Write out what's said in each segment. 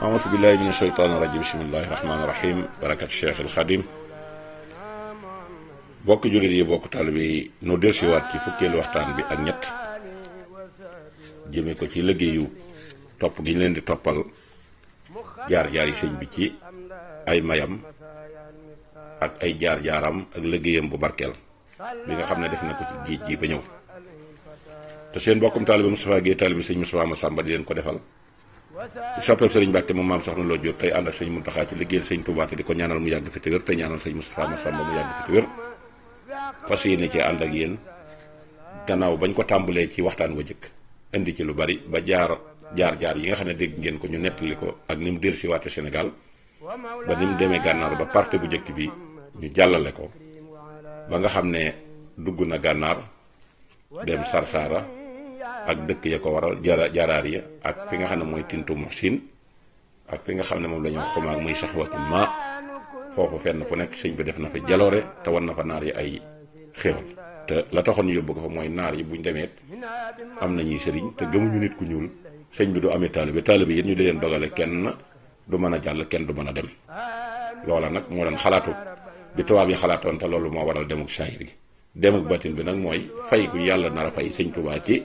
amas bi min asheytaan irajim bismillahi rahmaani rahim barakat cheikh il xadim bokk jullit yi bokk taalibe yi nu delsiwaat ci fukkeelu waxtaan bi ak ñett jëme ko ci liggéeyu topp gi ñu leen di toppal jaar-jaar yi sëñ bi ci ay mayam ak ay jaar-jaaram ak liggéeyam bu barkeel bi nga xam ne def na ko ci géej gi ba ñëw te seen bokkum taalibe Moustapha Guèye taalibe sëñ Moustapha Massamba di leen ko defal soppeel sëriñ Mbàkke moom maam soxna loo Diop tey ànd ak sëñ Muntaxa ci liggéeyal sëñ Tuubaa te di ko ñaanal mu yàgg fi te wér te ñaanal sëñ Moustapha mu yàgg fi te wér fas ci ànd ak yéen gannaaw bañ ko tàmbalee ci waxtaan wa jëkk indi ci lu bari ba jaar jaar-jaar yi nga xam ne dégg ngeen ko ñu nettali ko ak ni mu dellu si waate senegal ba ni mu demee gànnaar ba parte bu njëkk bi ñu jàllale ko ba nga xam ne dugg na gànnaar dem Sarsara ak dëkk ya ko waral jara jaraar ya ak fi nga xam ne mooy tintu muhsin ak fi nga xam ne moom la ñu xumaag muy saxwatul ma foofu fenn fu nekk sëñ bi def na fa jaloore te war na fa naar yi ay xéwal te la taxoon ñu yóbbu ko fa mooy naar yi buñ demee am na ñuy sëriñ te gëmuñu nit ku ñuul sëñ bi du amee taalibe taalibe yi ñu di leen dogale kenn du mën a jàll kenn du mën a dem loola nag moo doon xalaatu bi tubaab yi xalaatoon te loolu moo waral demuk saahir gi demuk batin bi nag mooy fay yàlla nar fay sëñ Tuubaa ci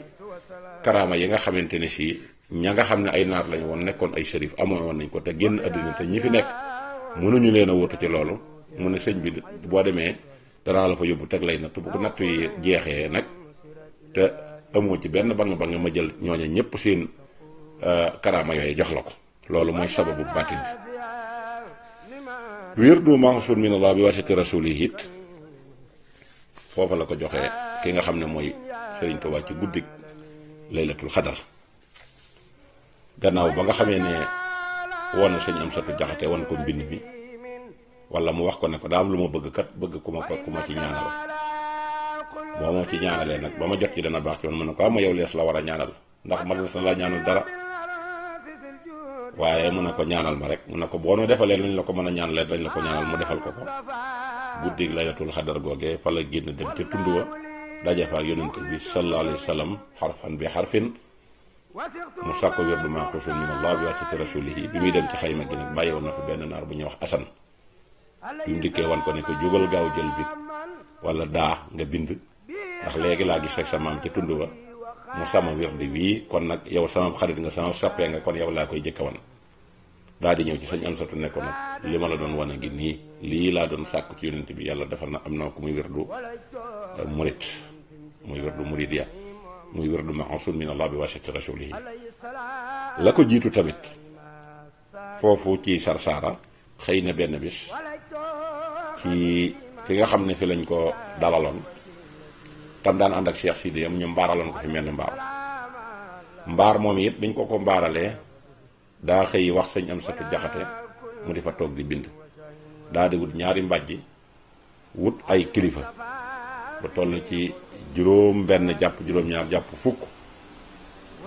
karaama yi nga xamante ne si ña nga xam ne ay naar lañu woon nekkoon ay shérif amoon woon nañ ko te génn àddina te ñi fi nekk mënuñu leen a wóotu ci loolu mu ne sëñ bi boo demee danaa la fa yóbbu teg lay natt bu ko natt yi jeexee nag te amoo ci benn bang bang ma jël ñooñu ñëpp seen euh, karaama yooyu jox la ko loolu mooy sababu baatin bi wirdu mahsul min allah bi wasiti rasulihi it foofa la ko joxee ki nga xam ne mooy Sëriñ Tuubaa ci guddik laylatul xadar gannaaw ba nga xamee ne woon na sëñ am satu jaxate wan ko mbind mi wala mu wax ko ne ko daa am lu ma bëgg kat bëgg ku ma ko ku ma ci ñaanal boo ma ci ñaanalee nag ba ma jot ci dana baax ci man ma ne ko ah ma yow lees la war a ñaanal ndax ma lees la ñaanal dara waaye mun na ko ñaanal ma rek mun na ko boo noo defalee nañ la ko mën a ñaanalee dañ la ko ñaanal mu defal ko ko guddi laylatul xadar googee fa la génn dem ca tund daje ak yonent bi sallallahu alayhi wa sallam xarfan bi xarfin mu sàkko wérdu maaxuusun min allah bi wasiti rasulihi bi muy dem ci xayma gi nag bàyyi woon na fa benn naar bu ñu wax asan bi mu dikkee wan ko ne ko jógal gaaw jël bi wala daa nga bind ndax léegi laa gis ak sa maam ci tund ba mu sama wérdi bii kon nag yow sama xarit nga sama soppee nga kon yow laa koy jëkka wan daa di ñëw ci sañ am satu ne ko nag li ma la doon wan a ngi nii lii laa doon sàkk ci yonent bi yàlla dafa na am na ko muy wérdu murit muy werdu muridiya muy werdu maasun min bi wasati rasulihi la ko jiitu tamit foofu ci sarsaara xëy na benn bis ci fi nga xam ne fi lañ ko dalaloon tam daan ànd ak Cheikh Sidi am ñu mbaaraloon ko fi mel ni mbaar mbaar moom it biñ ko ko mbaaralee daa xëy wax sëñ am satu jaxate mu di fa toog di bind daa di wut ñaari mbàjj wut ay kilifa ba toll ci juróom benn jàpp juróom-ñaar jàpp fukk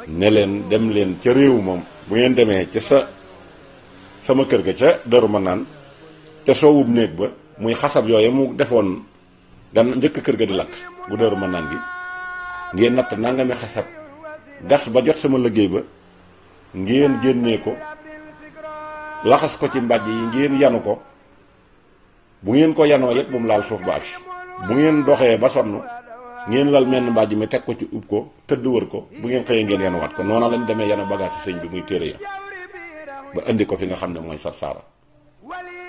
ne leen dem leen ca réew moom bu ngeen demee ca sa sama kër ga ca daru ma naan te soowub néeg ba muy xasab yooye mu defoon gan njëkk kër ga di lakk bu daru ma naan gi ngeen natt mi xasab gas ba jot sama liggéey ba ngeen génnee ko laxas ko ci mbàjj yi ngeen yanu ko bu ngeen ko yanoo yëpp bu mu laal suuf ba agsi bu ngeen doxee ba sonn ngeen lal menn mbàjj mi teg ko ci ub ko tëdd wër ko bu ngeen xëyee ngeen wat ko noona lañ demee yenn bagage si sëñ bi muy téere ya ba indi ko fi nga xam ne mooy Sarsara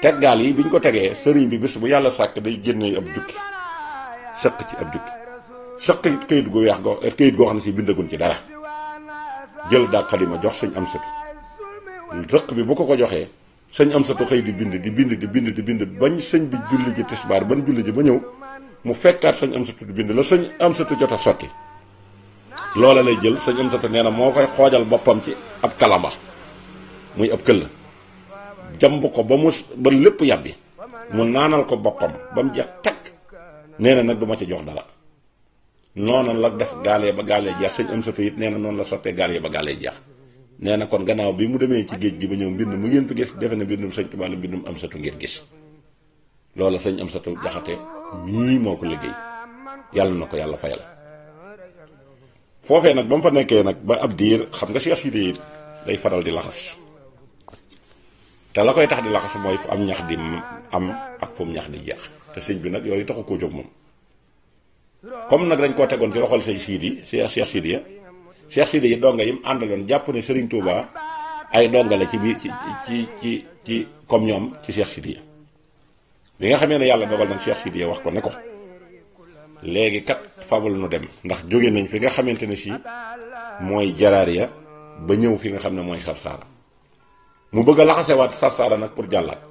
teggaal yi biñ ko tegee sëriñ bi bis bu yàlla sàkk day génne ab jukki sëq ci ab jukki sëq këyit gu weex go këyit goo xam ne si bindagun ci dara jël dàq li ma jox sëñ am sëtu sëq bi bu ko ko joxee sëñ am sëtu xëy di bind di bind di bind di bind bañ sëñ bi julli ji tisbaar ban julli ji ba ñëw mu fekkaat sañ am satu bind la sañ am satu jot a sotti loola lay jël sañ am satu nee na moo koy xoojal boppam ci ab kalamba muy ab këll jamb ko ba mu ba lépp yàbbi mu naanal ko boppam ba mu jeex takk nee na nag duma ci jox dara noonu la def gaalee ba gaalee jeex sañ am it nee na noonu la sottee gaalee ba gaalee jeex nee na kon gannaaw bi mu demee ci géej gi ba ñëw mbind mu ngeen fi gis defe na mbindum sëñ Tuubaa la mbindum am satu ngeen gis loola sañ am satu jaxate mii moo ko liggéey yàlla na ko yàlla fayal foofee nag ba mu fa nekkee nag ba ab diir xam nga Cheikh Sidi day faral di laxas te la koy tax di laxas mooy fu am ñax di am ak fu ñax di jeex te sëñ bi nag yooyu taxu koo jóg moom comme nag dañ koo tegoon ci loxol sëñ Sidi Cheikh Cheikh Sidi ya Cheikh Sidi yi donga yim àndaloon jàpp ne Serigne Touba ay donga la ci biir ci ci ci ci comme ñoom ci seex Sidi ya bi nga xamee ne yàlla dogal nag Cheikh Sidiya wax ko ne ko léegi kat fabal nu dem ndax jóge nañ fi nga xamante ne si mooy ya ba ñëw fi nga xam ne mooy sarsaara mu bëgg a laxasewaat sarsaara nag pour jàllaat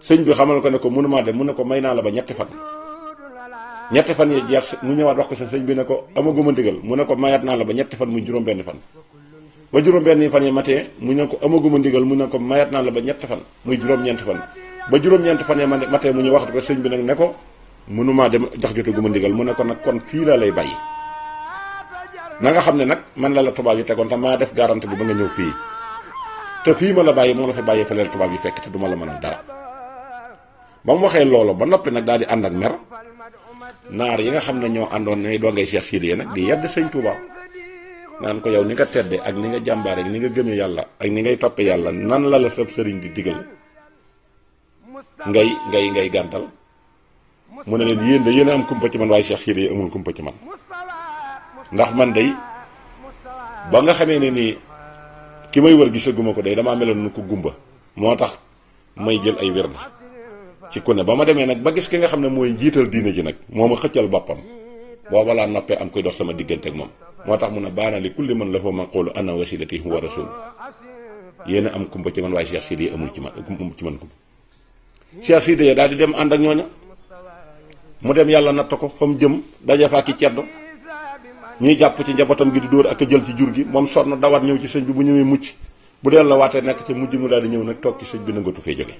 sëñ bi xamal ko ne ko mënumaa dem mu ne ko may naa la ba ñetti fan ñetti fan yi jeex mu ñëwaat wax ko sa sëñ bi ne ko amaguma ndigal mu ne ko mayaat naa la ba ñetti fan muy juróom-benn fan ba juróom-benn fan yi matee mu ne ko amaguma mu ne ko mayaat naa la ba ñetti fan muy juróom-ñeenti fan ba juróom-ñeent fan ma ma tey mu ñu wax ko sëñ bi nag ne ko mënumaa dem jox jotu gu ma ndigal mu ne ko nag kon fii laa lay bàyyi na nga xam ne nag man la la tubaab yi tegoon te maa def garanti bi ba nga ñëw fii te fii ma la bàyyi moo la fa bàyyi fa leen tubaab yi fekk te du ma la mënal dara ba mu waxee loolu ba noppi nag daal di ànd ak mer naar yi nga xam ne ñoo àndoon ñooy doongay Cheikh Sidiya nag di yedd sëñ Touba naan ko yow ni nga tedde ak ni nga jàmbaare ni nga gëme yàlla ak ni ngay toppe yàlla nan la la sab sëriñ di ngay ngay ngay gàntal mu ne leen yéen de yéen am kumpa ci man waaye Cheikh Sidiye amul kumpa ci man ndax man day ba nga xamee ne nii ki may wër gisaguma ko day damaa meloon nu ko gumba moo tax may jël ay wér na ci ku ne demee nag ba gis ki nga xam ne mooy njiital diine ji nag moo ma xëccal boppam booba laa noppee am koy dox sama diggante ak moom moo tax mun a baanaali kulli man la fa ma xoolu ana wasilati wa rasul yéen a am kumpa ci man waaye Cheikh Sidiye amul ci man amul ci man kumpa Cheikh Sidi ya daal dem ànd ak ñooña mu dem yàlla natt ko fa mu jëm daje fa ki ceddo ñuy jàpp ci njabootam gi di dóor ak jël ci jur gi moom sonn dawaat ñëw ci sëñ bi bu ñëwee mucc bu dee la waatee nekk ci mujj mu daal di ñëw nag toog ci sëñ bi nangatu fee jóge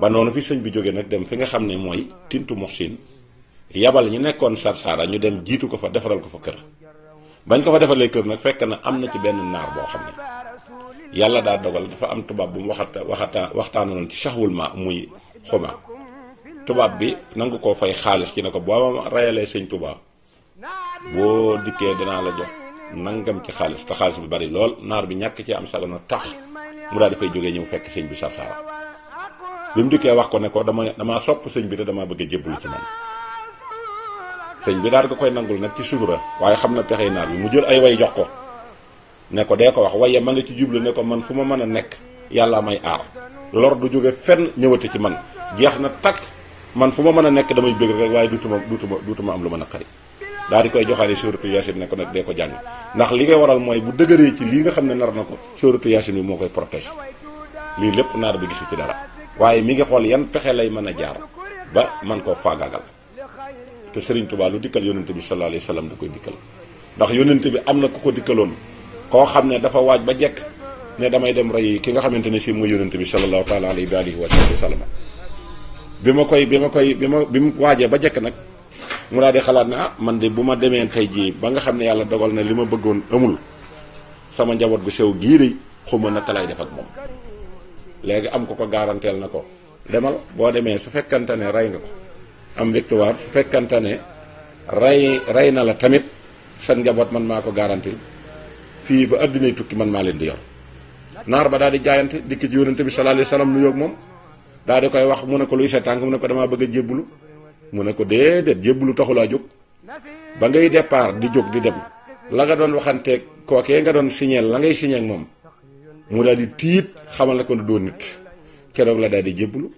ba noonu fi sëñ bi jóge nag dem fi nga xam ne mooy tintu moxsin yabal ñi nekkoon sarsaara ñu dem jiitu ko fa defaral ko fa kër bañ ko fa defalee kër nag fekk na am na ci benn naar boo xam ne yàlla daa dogal dafa am tubaab bu mu waxata waxata waxtaanoon ci saxwul ma muy xuma tubaab bi nangu ko fay xaalis ci ne ko boo ma rayalee sëñ tubaab boo dikkee dinaa la jox nangam ci xaalis te xaalis bi bari lool naar bi ñàkk ci am sagana tax mu daal di fay jógee ñëw fekk sëñ bi sarsaara bi mu dikkee wax ko ne ko dama damaa sopp sëñ bi te damaa bëgg a jébbalu ci moom sëñ bi daal di ko koy nangul nag ci sutura waaye xam na texe naar bi mu jël ay way jox ko ne ko dee ko wax waaye ma ci jublu ne ko man fu ma mën a nekk yàlla may aar lor du jóge fenn ñëwate ci man jeex na takk man fu ma mën a nekk damay bëgg rek waaye duutuma duutuma duutuma am lu mën a xari daa di koy joxaale suuratu yaasin ne ko nag dee ko jàng ndax li ngay waral mooy bu dëgëree ci lii nga xam ne nar na ko suuratu yaasin bi moo koy protège lii lépp naar bi gisu ci dara waaye mi ngi xool yan pexe lay mën a jaar ba man koo faagaagal te Serigne Touba lu dikkal yonente bi sallallahu alayhi wa sallam koy dikkal ndax yonente bi am na ku ko dikkaloon koo xam ne dafa waaj ba jekk ne damay dem rey ki nga xamante ne si mu yonent bi sallallahu taala alayhi wa alihi wa sallam bi ma koy bi ma koy bi ma bi mu waajee ba jekk nag mu daal di xalaat ne ah man de bu ma demee xëy jii ba nga xam ne yàlla dogal na li ma bëggoon amul sama njaboot gu sew gii de xuma naka lay def ak moom léegi am ko ko garanteel na ko demal boo demee su fekkante ne rey nga ko am victoire su fekkante ne rey rey na la tamit sa njaboot man maa ko garantil fii ba addunay tukki man maa leen di yor naar ba daal di jaayante dikk ci yonente bi sallallahu alayhi wasallam nu yoog moom daal di koy wax mu ne ko luy sa tànk mu ko damaa bëgg a jébbulu mu ne ko déedéet jébbulu taxulaa jóg ba ngay départ di jóg di dem la nga doon waxanteeg kookee nga doon signeel la ngay signé moom mu daal di tiit xamal na ko doo nit keroog daal di jébbulu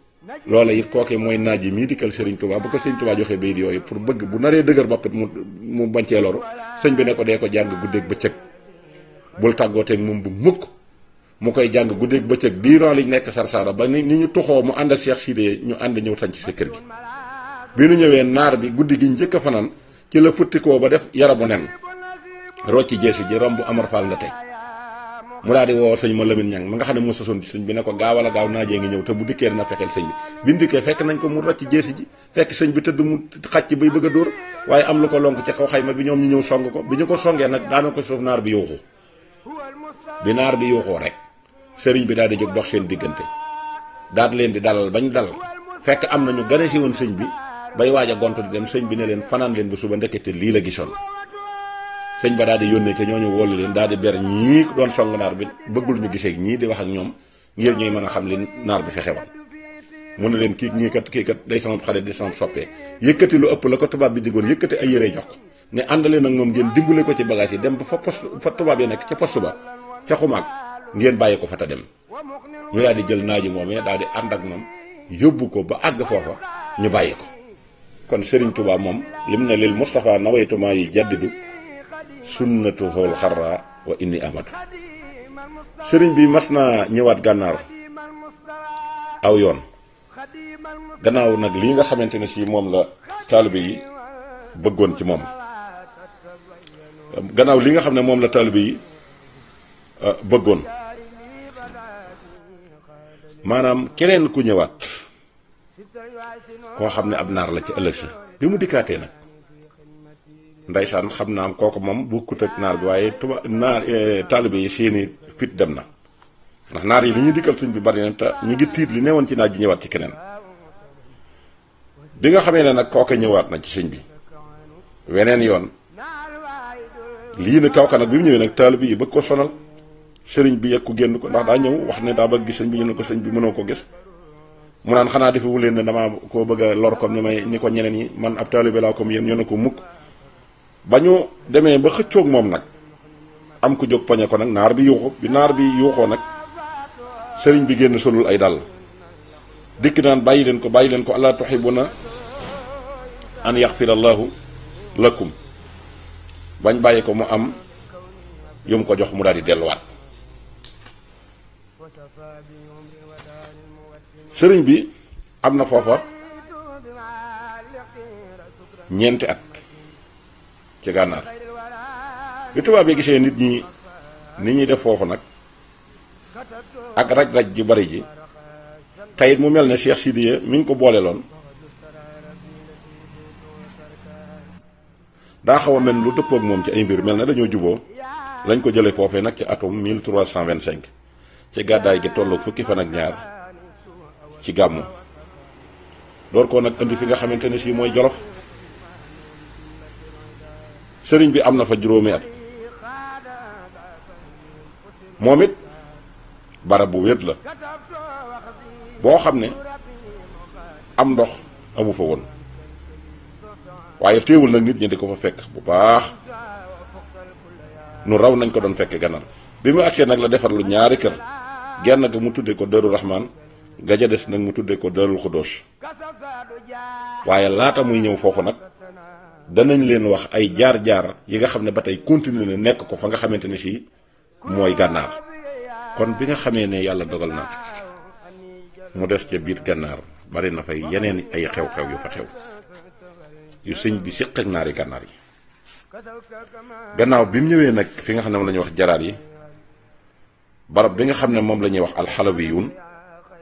loola it kookee mooy naaj yi mii dikkal Serigne Touba bu ko Serigne Touba joxee bayit yooyu pour bëgg bu naree dëgër boppit mu mu bancee loru sëñ bi ne ko dee ko jàng guddeeg cëg bul tàggooteeg moom bu mukk mu koy jàng guddeek guddeeg bëccëg diirant liñ nekk Sarsara ba ni ni ñu tuxoo mu ànd ak Cheikh Sidé ñu ànd ñëw sañ ci sa kër bi nu ñëwee naar bi guddi gi njëkk fanaan ci la futtikoo ba def yaramu nen rocci jeesi ji romb Amar Fall nga tey mu daal di woo sëñ ma xam ne moo sosoon ci sëñ ne ko gaawal a gaaw naajee ngi ñëw te bu dikkee na fexeel sëñ bi bi mu fekk nañ ko mu rocc jeesi ji fekk sëñ bi tëdd mu xàcc bay bëgg a dóor waaye am lu ko lonk ci kaw xayma bi ñoom ñu ñëw song ko bi ñu ko songee nag daana ko suuf naar bi yooxu bi naar bi yuuxoo rek sëriñ bi daal di jóg dox seen diggante daal leen di dalal bañ dal fekk am na ñu gane si woon sëñ bi bay waaj a gont di dem sëñ bi ne leen fanaan leen ba suba ndekete lii la gisoon sëñ ba daal di yónnee ñoo ñu wóolu leen daal di ber ñii doon song naar bi bëggul ñu giseek ñii di wax ak ñoom ngir ñuy mën a xam li naar bi fexe woon mu ne leen kii ñii kat kii kat day sama xarit di sama soppee yëkkati lu ëpp la ko tubaab bi digoon yëkkati ay yére jox ne àndalee nag moom ngeen dimbale ko ci bagage yi dem ba fa poste fa tubaab yi nekk ca poste ba ca xumaag ngeen bàyyi ko fa ta dem ñu daal di jël naaji moomee daal di ànd ak moom yóbbu ko ba àgg foofa ñu bàyyi ko kon Serigne Touba moom lim na lil Moustapha nawaytumaa yi jaddidu sunnatuhul xarra wa inni amatu sëriñ bi mas naa ñëwaat gànnaar aw yoon gannaaw nag lii nga xamante ne si moom la taalibe yi bëggoon ci moom gannaaw li nga xam ne moom la taalibe yi euh, bëggoon maanaam keneen ku ñëwaat koo xam ne ab naar la ci ëllëg si bi mu dikkaatee nag ndaysaan xam naa kooku moom bokkut ak naar bi waaye tuba naar euh, taalibe yi seeni fit dem na ndax naar yi li ñuy dikkal suñ bi bari na ñu ngi tiit li newoon ci naaj ji ñëwaat ci keneen bi nga xamee ne nag kooku ñëwaat na ci sëñ bi weneen yoon lii ne kaw nag bi mu ñëwee nag taalibe yi bëgg ko sonal sëriñ bi yegg ko génn ko ndax daa ñëw wax ne daa bëgg gis sëñ bi ñu ne ko sëñ bi mënoo ko gis mu naan xanaa defe leen ne damaa koo bëgg a lor comme ni may ni ko ñeneen yi man ab taalibe laa comme yéen ñu ne ko mukk ba ñu demee ba xëccook moom nag am ko jóg poñe ko nag naar bi yuuxu bi naar bi yuuxoo nag sëriñ bi génn solul ay dàll dikk naan bàyyi leen ko bàyyi leen ko allah tuhibuna an yaxfirallahu bañ bàyyi ko mu am yum ko jox mu daal di delluwaat sëriñ bi am na foofa ñeenti at ci gànnaar bi tubaab yi gisee nit ñi nit ñi def foofu nag ak raj-raj ju bari ji tayit mu mel ne Cheikh Sidiye mi ñu ko boole loon daa xaw a mel lu dëppoog moom ci ay mbir mel na dañoo juboo lañ ko jëlee foofee nag ci atum 1325 ci gàddaay gi tolloog fukki fan ak ñaar ci gàmmu door koo nag indi fi nga xamante ne si mooy jolof sëriñ bi am na fa juróomi at moom it barab bu wéet la boo xam ne am ndox amu fa woon waaye téewul nag nit ñi di ko fa fekk bu baax nu raw nañ ko doon fekke ganar bi mu àggee nag la defar lu ñaari kër genn ga mu tuddee ko dëru Rahman gaja des nag mu tuddee ko dërul Xudoos waaye laata muy ñëw foofu nag danañ leen wax ay jaar-jaar yi nga xam ne ba tey continuer na nekk ko fa nga xamante ni si mooy gànnaar kon bi nga xamee ne yàlla dogal na mu des ca biir gànnaar bari na fay yeneen ay xew-xew yu fa xew yu sëñ bi siq ak naari gànnaar yi gannaaw bi mu ñëwee nag fi nga xam ne moom lañuy wax jaraar yi bi nga xam ne moom la wax alxalawiyun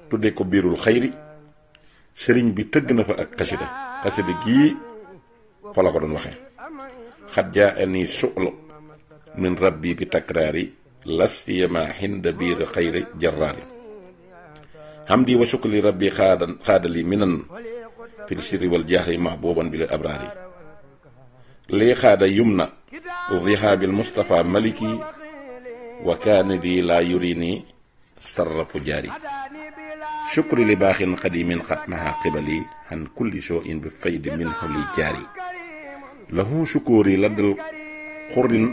tudde ko biirul xayri sëriñ bi tëgg na fa ak xasida xasida gii xoola ko doon waxee xat jaa ani su'lu min rabbi bi takraari lasiyama hinda biir xayri jaraari hamdi wa shukli rabbi xaadali minan fil sirri wal jahri mahbuban bil abraari lii xaada yumna zihaabil Mustafa maliki wa kaana di laa yuri nii sarrafu jaari shukri li baaxin qadimin qad maha qibali an kulli shay'in bi faydi minhu li jaari lahu shukuri ladal xurrin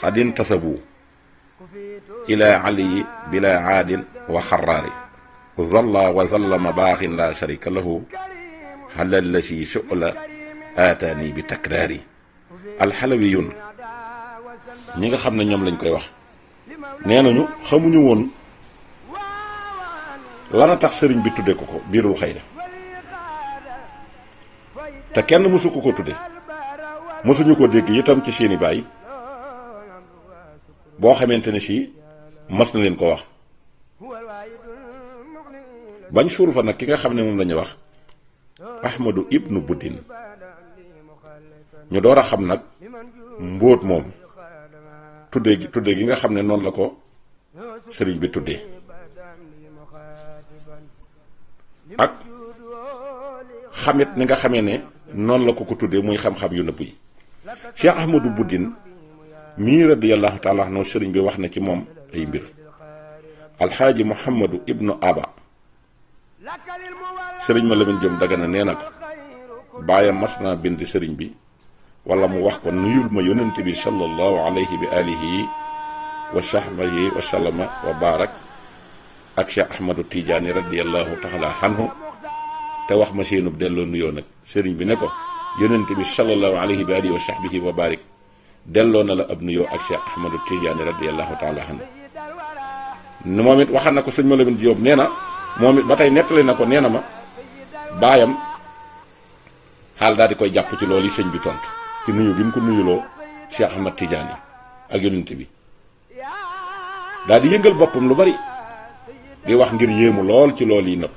xadin tasabu ila ali bila aadin wa xaraari zalla wa zallama baaxin laa sharika lahu xalal la si suqla aataani bi takraar yi alxalawiyun ñi nga xam ne ñoom lañ koy wax nee nañu xamuñu woon lana tax sëriñ bi tudde ko ko biir xëy na te kenn mësu ko ko tudde mësuñu ko dégg itam ci seeni baay boo xamante ne si mas na leen ko wax bañ suur fa nag ki nga xam ne moom lañu wax ahmadu ibnu buddin ñu door a xam nag mbóot moom tudde gi gi nga xam ne noonu la ko bi tudde ak xamit ni nga xamee ne noonu la ko ko tuddee muy xam-xam yu nëbb yi cheikh ahmadu buddin mii radiyallahu taala anhu sëriñ bi wax na ci moom ay mbir alxaaji muhammadu ibnu aba sëriñ ma Lamine Diom Dagana nee na ko baayam mas naa bind sëriñ bi walla mu wax ko nuyul ma yonent bi sallallahu alayhi bi alihi wa sahbihi wa sallama wa barak ak Cheikh Ahmadou Tidiane radiallahu taala anhu te wax ma seenub delloo nuyoo nag sëriñ bi ne ko yonent bi sallallahu alayhi wa sahbihi wa barik delloo na la ab nuyoo ak Cheikh Ahmadou Tidiane radiallahu taala anhu moom it waxal na ko sëriñ ma Lamine Diom nee na moom it ba tey nettali na ko nee na ma baayam xaal daal di koy jàpp ci loolu yi sëñ bi tontu ci nuyu gi mu ko nuyuloo Cheikh Ahmad Tidiane ak yonent bi daal di yëngal boppam lu bari di wax ngir yéemu lool ci loolu yi nag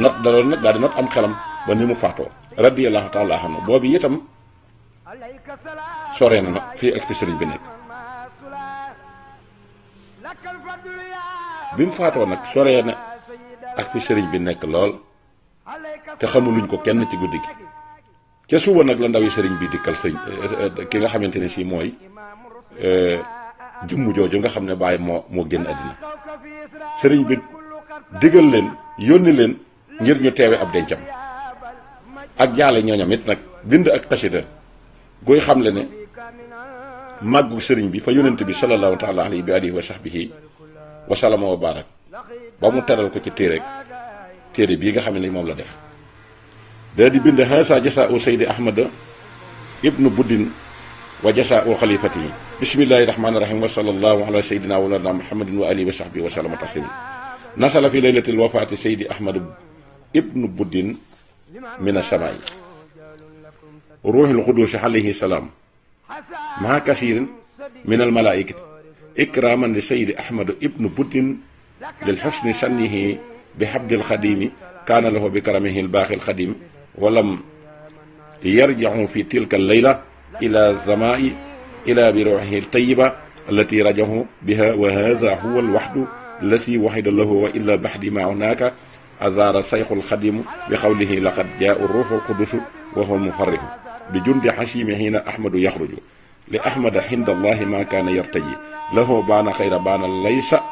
not da loolu nag di not am xelam ba ni mu faatoo radiyallahu taala anhu boobu itam sore na nag fii ak fi sëriñ bi nekk bi mu faatoo nag sore na ak fi sëriñ bi nekk lool te xamuluñ ko kenn ci guddi gi ca suba nag la ndawi sëriñ bi dikkal sëriñ eh, ki nga xamante ne si mooy eh, jëmm jooju nga xam ne bàyyi moo moo génn àddina sëriñ bi digal leen yónni leen ngir ñu teewe ab dencam ak jaale ñooñam it nag bind ak xasida gooy xam le ne màggu sëriñ bi fa yónnent bi sallallahu taala alayhi bi alihi wa sahbihi wa salama wa barak ba mu teral ko ci téere téere bii nga xam ne moom la def da di bind haasa jasa u saydi ahmada ibnu buddin wa jasa u xalifatihi bismillahi rahmani rahim wa sallallahu ala sayyidina wa lana muhammadin wa alihi wa sahbihi wa sallama taslima nasala fi laylatil wafaati saydi ahmada ibnu buddin min asamaa'i ruuxil xuduusi alayhi salaam maa kasirin min almalaikati ikraman li saydi ahmada ibnu buddin lil xusni sannihi bi habdil xadimi kaana lahu bi karamihi l baaxil xadim walam yarjacu fi tilka allayla ila samaai ila bi ruuxihi altayiba allati rajahu biha wa hada huwa alwaxdu allati waxida lahu wa illa baxdi ma hunaaka azaara sayxu alxadimu bi qawlihi laqad jaa ruuxu alqudusu wa huwa mufarrihu bi jundi xasimi xiina ahmadu yaxruju li ahmada xind allahi ma kaana yartaji lahu baana xayra baana laysa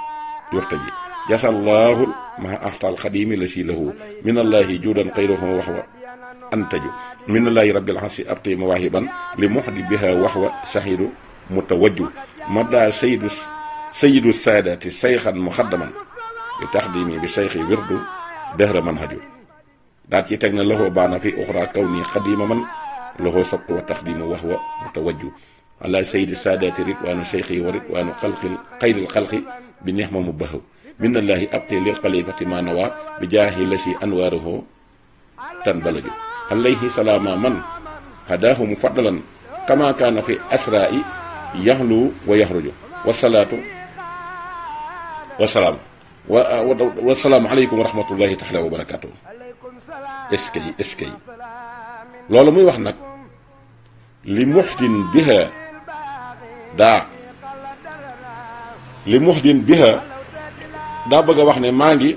yurtaji jasa allahu maa axta alxadimi la si lahu min allahi juudan xayrahu waxwa antaju minallahi rabbil hasi abti mawahiban li muhdi biha waxwa sahidu mutawajju madda sayidu sayidu saadati sayxan muxaddaman bi taxdimi bi sayxi wirdu dëhra man haju daat ci teg na loxo baana fi uxra kaw nii xadima man loxo sabtu wa taxdimu waxwa mutawajju ala sayidi saadaati ridwaanu seyxi wa ridwaanu xalqil xayril xalqi bi neex ma mu baxaw minallaahi abti lil xalifati ma nawaa bi jaahi la si anwaaruhu tan balaju alayhi salaama man hadaahu mufaddalan kama kaana fi asraai yaxlu wa yaxruju wasalaatu wasalaam wasalaamu aleykum wa rahmatullahi taala wa barakatuh est-ce que est-ce que loolu muy wax nag li muxdin biha daa li muxdin biha daa bëgg a wax ne maa ngi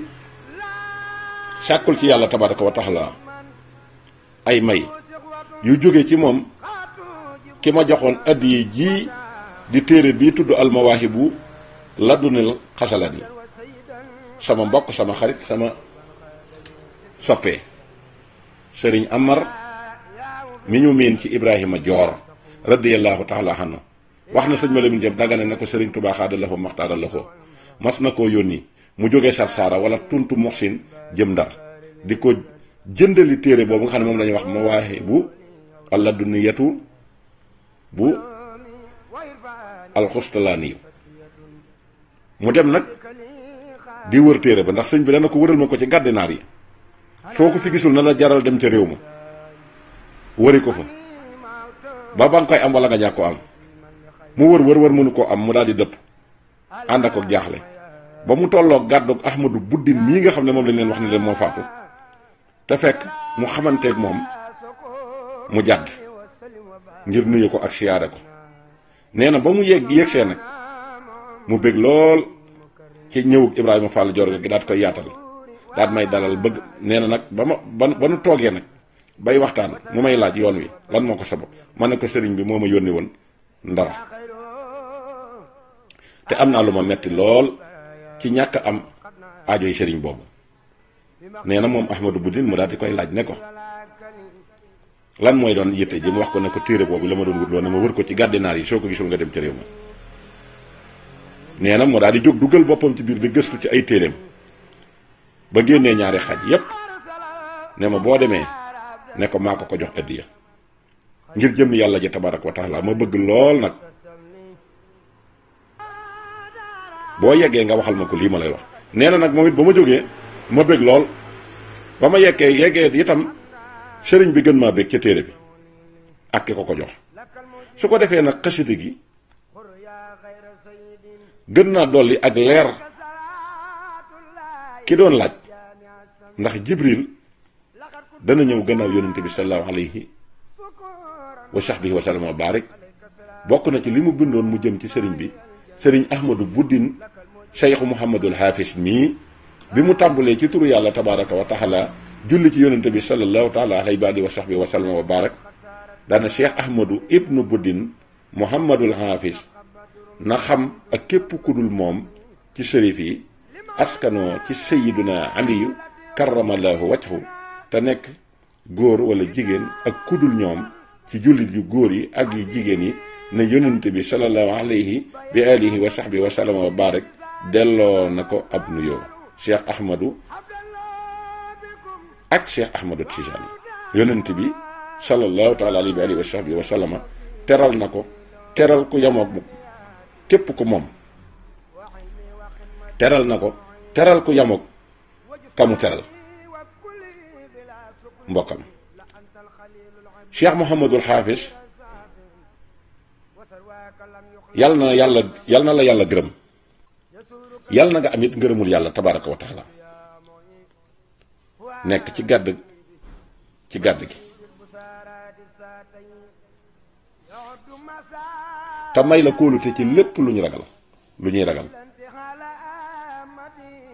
sàkkul ci yàlla tabaraka wa taala ay may yu jóge ci moom ki ma joxoon add yi ji di téere bi tudd bu almawaahibu Ladunil Xasalani sama mbokk sama xarit sama soppee sëriñ Amar mi ñu miin ci Ibrahima Joor radiyallahu taala anhu wax na sëñ Malamine Diop dagane na ko sëriñ Tuubaa xaadalaxo maxtaaralaxo mas na koo yónni mu jógee Sarsara wala tuntu Moxsin jëm Ndar di ko jëndali téere boobu nga xam ne moom la ñuy wax mawaahi bu allah duniyatu bu alxustalaani mu dem nag di wër téere ba ndax sëñ bi dana ko wëral ma ko ci gàddinaar yi foo ko fi gisul na la jaral dem ci réew ma wëri ko fa ba ba nga koy am wala nga ñàkk ko am mu wër wër wër mënu koo am mu daal di dëpp ànd ak jaaxle ba mu tolloog gàddoog ahmadu buddin mii nga xam ne moom lañ leen wax ne leen moo faatu te fekk mu xamanteeg moom mu jàdd ngir nuyu ko ak siyaare ko nee na ba mu yéeg yéegsee nag mu bég lool ci ñëwug Ibrahima Fall Diorga gi daat koy yaatal daat may dalal bëgg nee na nag ba ma ba nu toogee nag bay waxtaan mu may laaj yoon wi lan moo ko sabab ma ne ko sëriñ bi moo ma yónni woon ndara te am naa lu ma metti lool ci ñàkk am aajoy sëriñ boobu nee na moom Ahmadou Boudin mu daal di koy laaj ne ko lan mooy doon yitte ji mu wax ko ne ko téere boobu la ma doon wutloo ne ma wër ko ci gàddinaar yi soo ko gisul nga dem ca réew ma na mu daal di jóg duggal boppam ci biir di gëstu ci ay téeréem ba génnee ñaari xaj yépp ne ma boo demee ne ko maa ko ko jox addiya ngir jëm yàlla ji tabarak wa taala ma bëgg lool nag boo yeggee nga waxal ma ko lii ma lay wax nee na nag moom it ba ma jógee ma bëgg lool ba ma yekkee yeggee itam sëriñ bi gën maa bég ca téere bi ak ko ko jox su ko defee nag xasida gi gën naa dolli ak leer ki doon laaj ndax jibril dana ñëw gannaaw yonente bi sallallahu alayhi wa sahbihi wa sallam wa bokk na ci li mu bindoon mu jëm ci sëriñ bi sëriñ ahmadu buddin cheikhu muhammadul haafis mii bi mu tàmbalee ci turu yàlla tabaraka wa taala julli ci yonente bi salallahu taala alayhi wa alihi wa sahbi wa sallam wa barak daana cheikh ahmadou ibnu buddin mouhamadul haafis na xam ak képp kudul moom ci sërif yi askanoo ci sayiduna aliyu karamallahu wajhu te nekk góor wala jigéen ak kudul ñoom ci jullit yu góor yi ak yu jigéen yi ne yonente bi salallahu alayhi bi alihi wa sahbi wa sallam wa barak delloo na ko ab nuyoo cheikh ahmadou ak cheikh ahmadou tijani yonent bi sallallahu taala alayhi wa alihi wa sahbihi wa sallama teral na ko teral ku yemoog mu képp ku moom teral na ko teral ku yemoog kamu teral mbokkam cheikh mouhamadul haafis yàlla na yàlla yàlla na la yàlla gërëm yàlla na nga am it ngërëmul yàlla tabaraka wa taala nekk ci gàdd ci gàdd gi te may la kóolute ci lépp lu ñu ragal lu ñuy ragal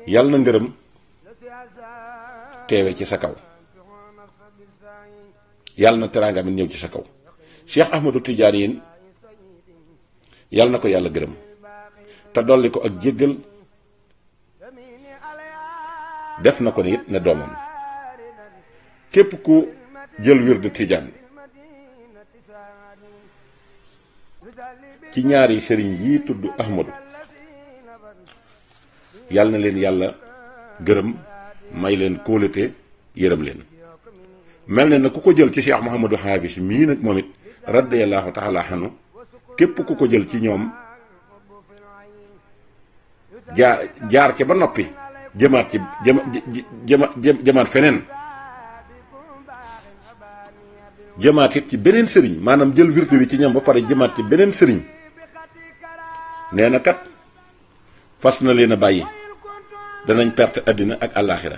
yàlla na ngërëm teewe ci sa kaw yàlla na teraanga mi ñëw ci sa kaw Cheikh Ahmadou Tidiane yéen yàlla na ko yàlla gërëm te dolli ko ak jéggal def na ko ne it doomam képp ku jël wirdu tijaan ci ñaari sëriñ yi tudd ahmadu yàlla na leen yàlla gërëm may leen kóolute yërëm leen mel na ne ku ko jël ci cheikh Mouhamadou Habis mii nag moom it radiyallahu taala xanu képp ku ko jël ci ñoom jaar jaar ca ba noppi jëmaat ci jëma jëma jëmaat feneen jëmaat ci beneen sëriñ maanaam jël virtu bi ci ñam ba pare jëmaat ci beneen sëriñ nee na kat fas na leen a bàyyi danañ perte àddina ak àllaaxira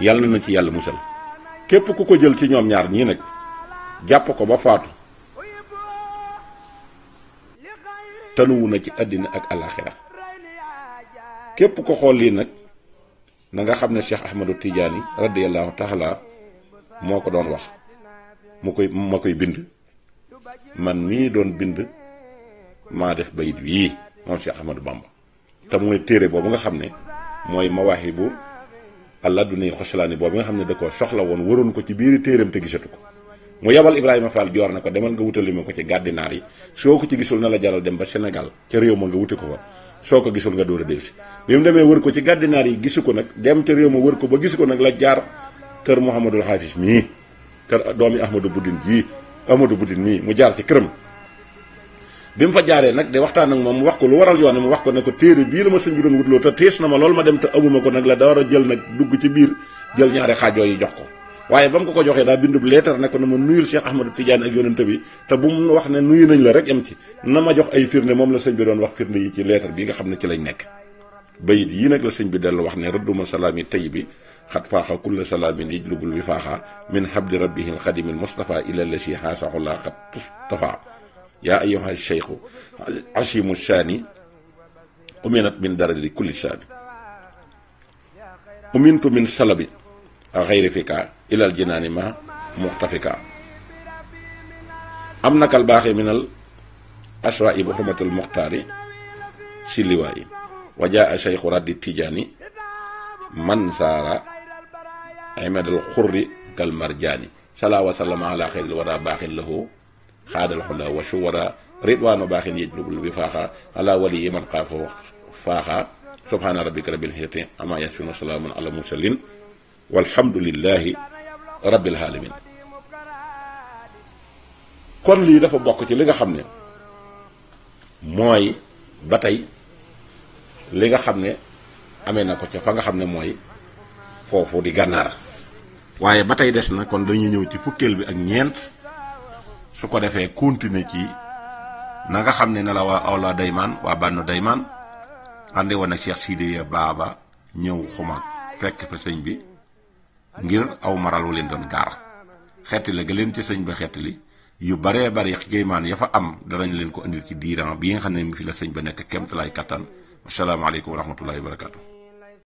yàlla na nañ ci yàlla musal képp ku ko jël ci ñoom ñaar ñii nag jàpp ko ba faatu tanuwu na ci àddina ak àllaaxira képp ko xool lii nag na nga xam ne Cheikh Ahmadou Tidiane radiyallahu taala moo ko doon wax mu koy ma koy bind man mii doon bind maa def bayit wii moom Cheikh Ahmadou Bamba te mooy téere boobu nga xam ne mooy mawaahibu alladuni xosalaani boobu nga xam ne da koo soxla woon waroon ko ci biir téeram te gisatu ko mu yabal Ibrahima Fall joor na ko demal nga wutali ma ko ci gàddinaar yi soo ko ci gisul na la jaral dem ba senegal ca réew ma nga wuti ko fa soo ko gisul nga door a dellusi bi mu demee wër ko ci gàddinaar yi gisu ko nag dem ca réew ma wër ko ba gisu ko nag la jaar kër Mouhamadul Haafis mii kër doomi Ahmadou Boudin jii Ahmadou Boudin nii mu jaar ci këram bi mu fa jaaree nag de waxtaan ak moom mu wax ko lu waral yoon mu wax ko ne ko téere bii la ma sëñ bi doon wutloo te tiis na ma loolu ma dem te amuma ko nag la door a jël nag dugg ci biir jël ñaari xaajoo yi jox ko waaye ba mu ko ko joxee daa bindub leetar ne na ma nuyul Cheikh Ahmadou Tidiane ak yonent bi te bu mu wax ne nuyu nañ la rek am ci na ma jox ay firnde moom la sëñ bi doon wax firnde yi ci leetar bi nga xam ne ci lañ nekk bayit yii nag la sëñ bi dellu wax ne rëdduma salaami tay bi xat faaxa kulla salaamin yijlubul wi faaxa min habdi rabbihi alxadimi almustafa ila lasi xaasaxulaa xat tustafa yaa ayyuha cheikhu asimu saani uminat min darari kulli saani umintu min salabi xayri fika ilal jinaani ma muxtafika am nakal baaxee minal ashwa yi bu xurmatul muxtaari si liwaayi wajaa a cheikhu raddi tijaani man saara imadal xurri kal marjaani salaa wa sallama ala xeyril wara baaxin lahu xaadal xula wa shuwara ridwaanu baaxin yejlubul bi faaxa ala wali yi man xaafa faaxa subhaana rabbika rabbil izzati amma yasifun wa salaamun ala mursalin walhamdulillahi rabbil alamin kon lii dafa bokk ci li nga xam ne mooy ba tey li nga xam ne amee na ko ca fa nga xam ne mooy foofu di gànnaar waaye ba tey des na kon dañuy ñëw ci fukkeel bi ak ñeent su ko defee continuer ci na nga xam ne na la waa awla daymaan waa bànnu daymaan àndi woon ak Cheikh Sidiya Baba ñëw xumaat fekk fa bi ngir aw maral maralu leen doon gaar xettali ga leen ci sëñ ba li yu baree bare géymaan ya yafa am danañ leen ko indil ci diiran bi nga xam ne mi fi la sëñ ba nekk kemtalaay kattan asalaamaaleykum wa rahmatullahi wa barakaatu.